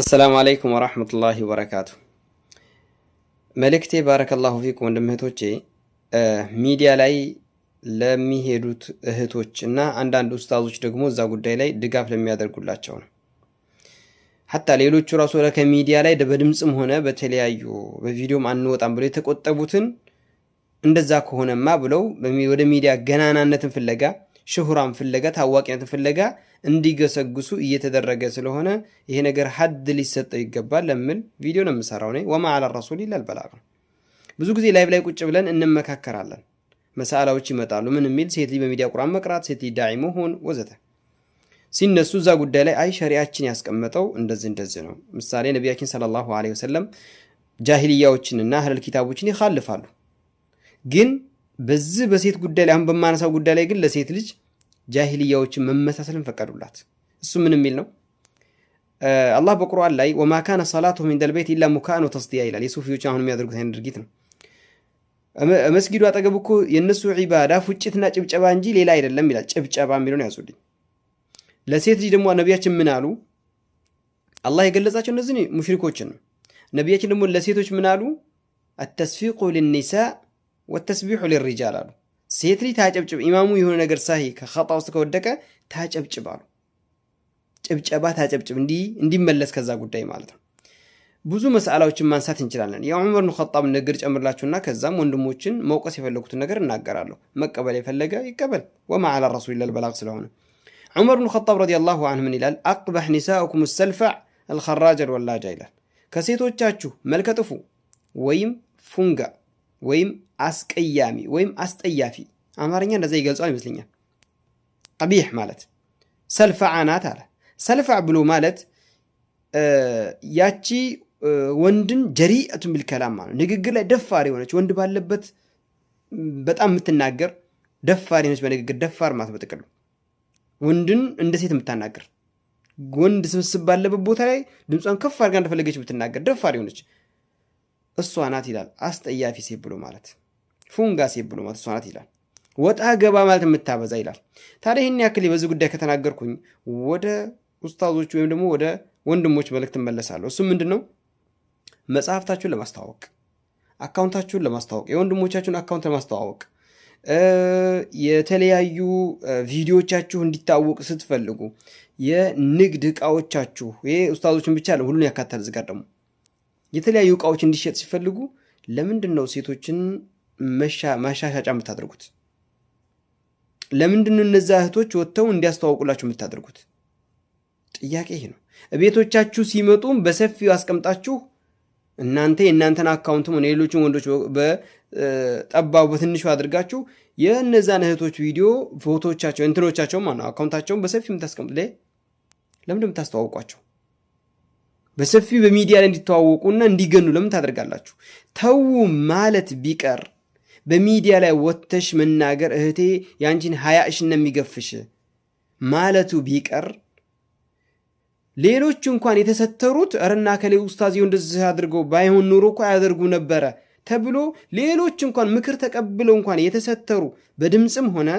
አሰላሙ አለይኩም ወራህመቱላሂ ወበረካቱ። መልእክቴ ባረከላሁ ፊኩም ወንድም እህቶቼ፣ ሚዲያ ላይ ለሚሄዱት እህቶች እና አንዳንድ ኡስታዞች ደግሞ እዛ ጉዳይ ላይ ድጋፍ ለሚያደርጉላቸው ነው። ሀታ ሌሎቹ ራሱ ከሚዲያ ላይ በድምፅም ሆነ በተለያዩ በቪዲዮም አንወጣም ብለው የተቆጠቡትን እንደዛ ከሆነማ ብለው ወደ ሚዲያ ገናናነትን ፍለጋ ሽሁራን ፍለጋ ታዋቂነት ፍለጋ እንዲገሰግሱ እየተደረገ ስለሆነ ይሄ ነገር ሀድ ሊሰጠው ይገባል ለምን ቪዲዮ ነው የምሰራው እኔ ወማ አላ ረሱል ይላል በላቅ ብዙ ጊዜ ላይቭ ላይ ቁጭ ብለን እንመካከራለን። መሳላዎች ይመጣሉ። ምን የሚል ሴት ልጅ በሚዲያ ቁርአን መቅራት፣ ሴት ልጅ ዳዒ መሆን ወዘተ ሲነሱ እዛ ጉዳይ ላይ አይ ሸሪያችን ያስቀመጠው እንደዚህ እንደዚህ ነው። ምሳሌ ነቢያችን ሰለላሁ ዐለይሂ ወሰለም ጃሂልያዎችንና አህለል ኪታቦችን ይካልፋሉ ግን በዚህ በሴት ጉዳይ ላይ አሁን በማነሳው ጉዳይ ላይ ግን ለሴት ልጅ ጃሂልያዎችን መመሳሰልን ፈቀዱላት። እሱ ምን የሚል ነው? አላህ በቁርአን ላይ ወማ ካነ ሰላቱሁም ኢንደል ቤት ኢላ ሙካአን ወተስዲያ ይላል። የሱፊዎች አሁን የሚያደርጉት አይነት ድርጊት ነው። መስጊዱ አጠገብ እኮ የእነሱ ዒባዳ ፉጭትና ጭብጨባ እንጂ ሌላ አይደለም ይላል። ጭብጨባ የሚለውን ያዙልኝ። ለሴት ልጅ ደግሞ ነቢያችን ምን አሉ? አላህ የገለጻቸው እነዚህ ሙሽሪኮችን ነው። ነቢያችን ደግሞ ለሴቶች ምን አሉ? አተስፊቁ ልኒሳ ወተስቢሑ ሊሪጃል አሉ። ሴት ልጅ ታጨብጭብ። ኢማሙ የሆነ ነገር ሳሂ ከጣ ውስጥ ከወደቀ ታጨብጭብ አሉ። ጭብጨባ ታጨብጭብ፣ እንዲመለስ ከዛ ጉዳይ ማለት ነው። ብዙ መስአላዎችን ማንሳት እንችላለን። የዑመር ብን ኸጣብ ንግግር ጨምርላችሁና ከዛም ወንድሞችን መውቀስ የፈለጉትን ነገር እናገራለሁ። መቀበል የፈለገ ይቀበል። ወማ ዓላ ረሱል ይላል ስለሆነ ዑመር ብን ኸጣብ ረዲየላሁ አንሁ ምን ይላል? አቅበሕ ኒሳኡኩም ሰልፋዕ አልኸራጅ አልወላጃ ይላል። ከሴቶቻችሁ መልከጥፉ ወይም ፉንጋ ወይም አስቀያሚ ወይም አስጠያፊ አማርኛ እንደዛ ይገልጸዋል ይመስለኛል። ቀቢሕ ማለት ሰልፋዓናት ናት አለ። ሰልፋዕ ብሎ ማለት ያቺ ወንድን ጀሪአቱን ከላም ማለት ንግግር ላይ ደፋር የሆነች ወንድ ባለበት በጣም የምትናገር ደፋር የሆነች በንግግር ደፋር ማለት በጥቅሉ ወንድን እንደ ሴት የምታናገር ወንድ ስብስብ ባለበት ቦታ ላይ ድምጿን ከፍ አድርጋ እንደፈለገች የምትናገር ደፋር የሆነች እሷ ናት ይላል። አስጠያፊ ሴት ብሎ ማለት ፉንጋ ሴት ብሎ ማለት እሷ ናት ይላል። ወጣ ገባ ማለት የምታበዛ ይላል። ታዲያ ይህን ያክል በዚህ ጉዳይ ከተናገርኩኝ ወደ ኡስታዞች ወይም ደግሞ ወደ ወንድሞች መልእክት እመለሳለሁ። እሱም ምንድን ነው መጽሐፍታችሁን ለማስተዋወቅ አካውንታችሁን ለማስተዋወቅ የወንድሞቻችሁን አካውንት ለማስተዋወቅ የተለያዩ ቪዲዮቻችሁ እንዲታወቅ ስትፈልጉ የንግድ እቃዎቻችሁ ይሄ ኡስታዞችን ብቻ ሁሉን ያካትታል። ዝጋር ደግሞ የተለያዩ እቃዎች እንዲሸጥ ሲፈልጉ ለምንድን ነው ሴቶችን ማሻሻጫ የምታደርጉት? ለምንድን ነው እነዛ እህቶች ወጥተው እንዲያስተዋውቁላችሁ የምታደርጉት? ጥያቄ ይሄ ነው። ቤቶቻችሁ ሲመጡ በሰፊው አስቀምጣችሁ እናንተ የእናንተን አካውንትም ሆነ የሌሎችን ወንዶች በጠባቡ በትንሹ አድርጋችሁ የእነዛን እህቶች ቪዲዮ፣ ፎቶቻቸው፣ እንትኖቻቸው ማ አካውንታቸውን በሰፊ የምታስቀምጥ ለምንድን የምታስተዋውቋቸው? በሰፊው በሚዲያ ላይ እንዲተዋወቁና እንዲገኑ ለምን ታደርጋላችሁ? ተዉ ማለት ቢቀር በሚዲያ ላይ ወጥተሽ መናገር እህቴ የአንቺን ሀያእሽና የሚገፍሽ ማለቱ ቢቀር ሌሎች እንኳን የተሰተሩት እርና ከሌ ውስታዚው እንደዚህ አድርገው ባይሆን ኑሮ እኮ ያደርጉ ነበረ ተብሎ ሌሎች እንኳን ምክር ተቀብለው እንኳን የተሰተሩ በድምፅም ሆነ